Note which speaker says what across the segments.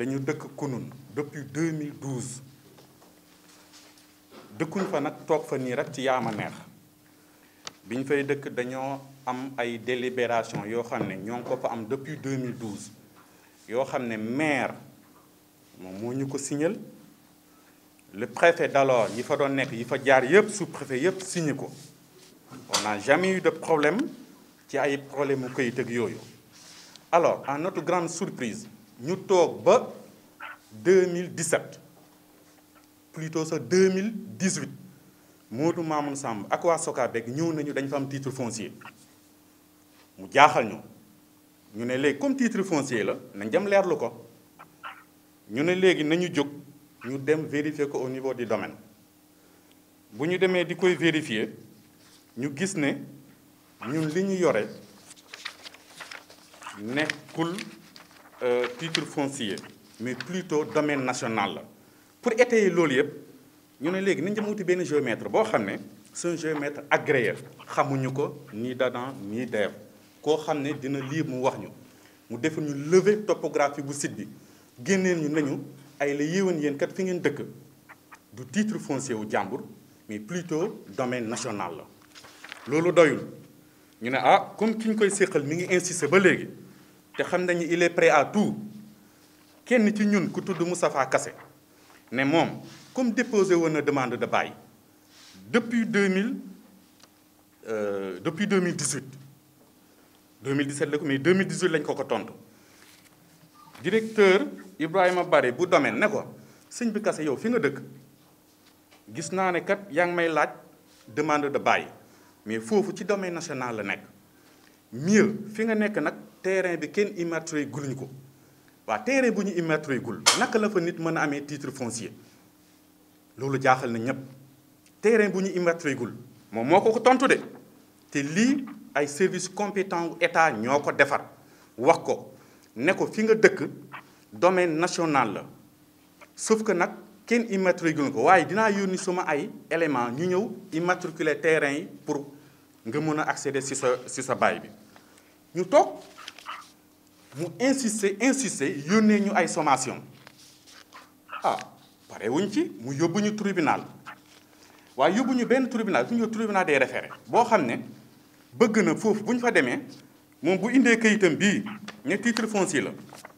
Speaker 1: dañu dëkk kunun depuis 2012 dëkkuñ fa tok fa ni rek ci yaama neex biñ fay dëkk dañoo am ay délibération yo xamné ñong ko fa am depuis 2012 yo xamné maire moom moo ñu ko signal le préfet d'alors yi fa doon nekk yi fa jaar yëpp sous-préfet yëpp signé ko on n'a jamais eu de problème ci ay problème ko këyit ak yooyu alors à notre grande surprise nous sommes en 2017 plutôt en 2018 Modou Mamoun Samb ak waa nous ñëw nous dañ fa un titre foncier mu jaaxal ne comme titre foncier la nañ dem Nous ne nous vérifier au niveau du domaine bu nous demee di vérifier ñu euh, titre foncier mais plutôt domaine national pour étayer loolu yëpp ñu ne léegi nañ dem wuti benn géomètre boo xam ne c'est un géomètre agréé xamuñu ko ni d'Adam ni d'Ève koo xam ne dina lii mu wax ñu mu defal ñu levé topographique bu site bi génneen ñu nañu ay la yéwén yéen kat fi ngeen dëkk du titre foncier wu jàmbur mais plutôt domaine national la loolu doyul ñu ne ah comme ki ñu koy séqal mi ngi insisté ba léegi te xam nañu il est prêt à tout kenn ci ñun ku tudd Moustapha Kassé ne moom comme déposé woon demande de bail depuis 2000 euh, depuis 2018 2017 la ko mais 2018 lañ ko ko tontu directeur Ibrahima Bari bu domaine ne ko sëñ bi Kassé yow fi nga dëkk gis naa ne kat yaa ngi may laaj demande de bail mais foofu ci domaine national la nekk mieux fi nga nekk nag. terrain bi kenn immatriculé guluñ ko waaw terrain bu ñu immatriculé gul naka la fa nit mën a amee titre foncier loolu jaaxal na ñépp terrain bu ñu immatriculé gul moom moo ko ko tontu de te lii ay service compétent wu état ñoo ko defar wax ko ne ko fi nga dëkk domaine national la sauf ko nag kenn immatriculé ko waaye dinaa yónni suma ay élément ñu ñëw immatriculer terrain yi pour nga mun a accéder ci sa ci sa baay bi ñu toog vous insister insister yónnee ñu ay sommation ah pare wuñ ci mu yóbbu ñu tribunal waaye yóbbu ñu benn tribunal suñu tribunal des référés boo xam ne bëgg na foofu bu ñu fa demee moom bu indee kayitam bii titre foncier la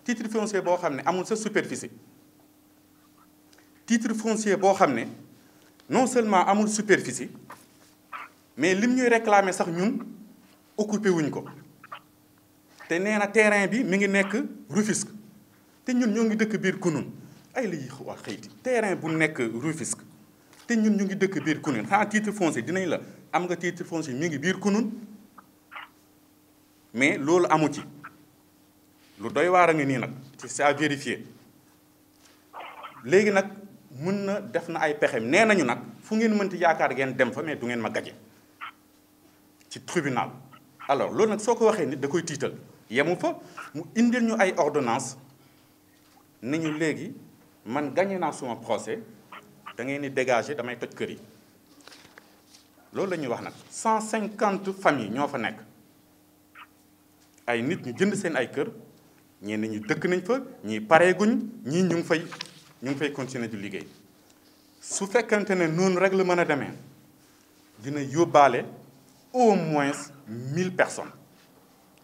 Speaker 1: titre foncier boo xam ne amul sa superficie titre foncier boo xam ne non seulement amul superficie mais lim ñuy réclamer sax ñun occupé wuñ ko te nee terrain bi mi ngi nekk Rufisque te ñun ñoo ngi dëkk biir Kounoune ay la yi wax xëyti terrain bu nekk Rufisque te ñun ñu ngi dëkk biir Kounoune xanaa titre foncier dinañ la am nga fonce foncier mi ngi biir Kounoune mais loolu amu ci lu doy waar a ngi nii nag ci à vérifier léegi nag mun na def na ay pexem nee nañu nag fu ngeen mënti yaakaar ngeen dem fa mais du ngeen ma gaje ci tribunal alors loolu nag soo ko waxee nit da koy tiital yemu fa mu indil ñu ay ordonnance ne ñu légui man gagné na suma procès da ngay di dégager damay toj kër yi loolu la ñuy wax nak 150 familles ñoo fa nekk ay nit ñu jënd seen ay kër ñeen ñu dëkk nañ fa ñi paré guñ ñi ñu ngi fay ñu ngi fay continuer di liggéey su fekkante ne noonu rek la mën a demee dina yóbbaale au moins 1000 personnes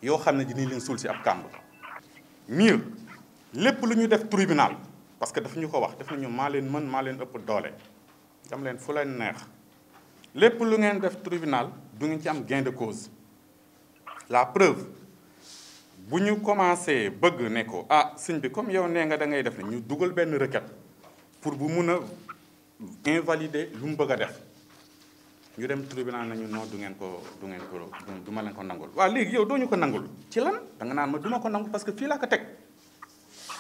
Speaker 1: yoo xam ne dinañ leen suul si ab kàmb mieux lépp lu ñu def tribunal parce que dafa ñu ko wax def nañu maa leen mën maa leen ëpp doole dem leen fu leen neex lépp lu ngeen def tribunal du ngeen ci am gain de cause la preuve bu ñu commencé bëgg ne ko ah sëñ bi comme yow nee nga da ngay def ne ñu dugal benn requête pour bu mun a invalider lu mu bëgg a def ñu dem tribunal nañu no du ngeen ko du ngeen ko du ma leen ko nangul waaw léegi yow dooñu ko nangul ci lan da nga naan ma du ma ko nangul parce que fii laa ko teg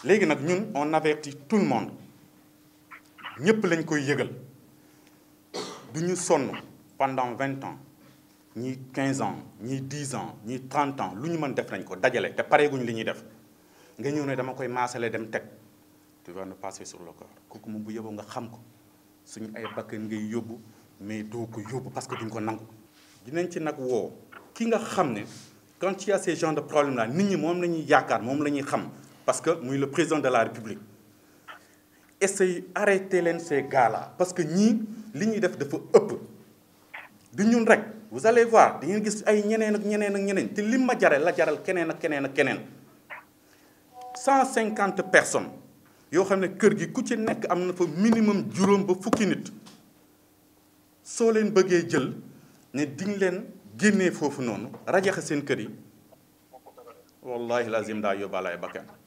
Speaker 1: léegi nag ñun on averti tout le monde ñëpp lañ koy yëgal du ñu sonn pendant vingt ans ñi quinze ans ñi dix ans ñi trente ans lu ñu mën def nañ ko dajale te pareeguñ li ñuy def nga ñëw ne dama koy maasale dem teg tu vas nous passer sur le corps kooku moom bu yóbbu nga xam ko suñu ay bakkan ngay yóbbu mais doo ko yóbbu parce que duñ ko nangu. dinañ ci nag woo ki nga xam quand il y a ces genres de problèmes là nit ñi moom la ñuy yaakaar moom xam parce que muy le président de la république essayez arrêter leen ces gars là parce que ñii li ñuy def dafa ëpp du ñun rek vous allez voir di ngeen gis ay ñeneen ak ñeneen ak ñeneen te lim ma jaral la jaral keneen ak keneen ak keneen cent cinquante personnes yo xam ne kër gi ku ci nekk am na fa minimum juróom ba fukki nit soo leen bëggee jël ne diñ leen génnee foofu noonu rajaxe seen kër yi wallahi lazim daa yóbbaale ay bakkan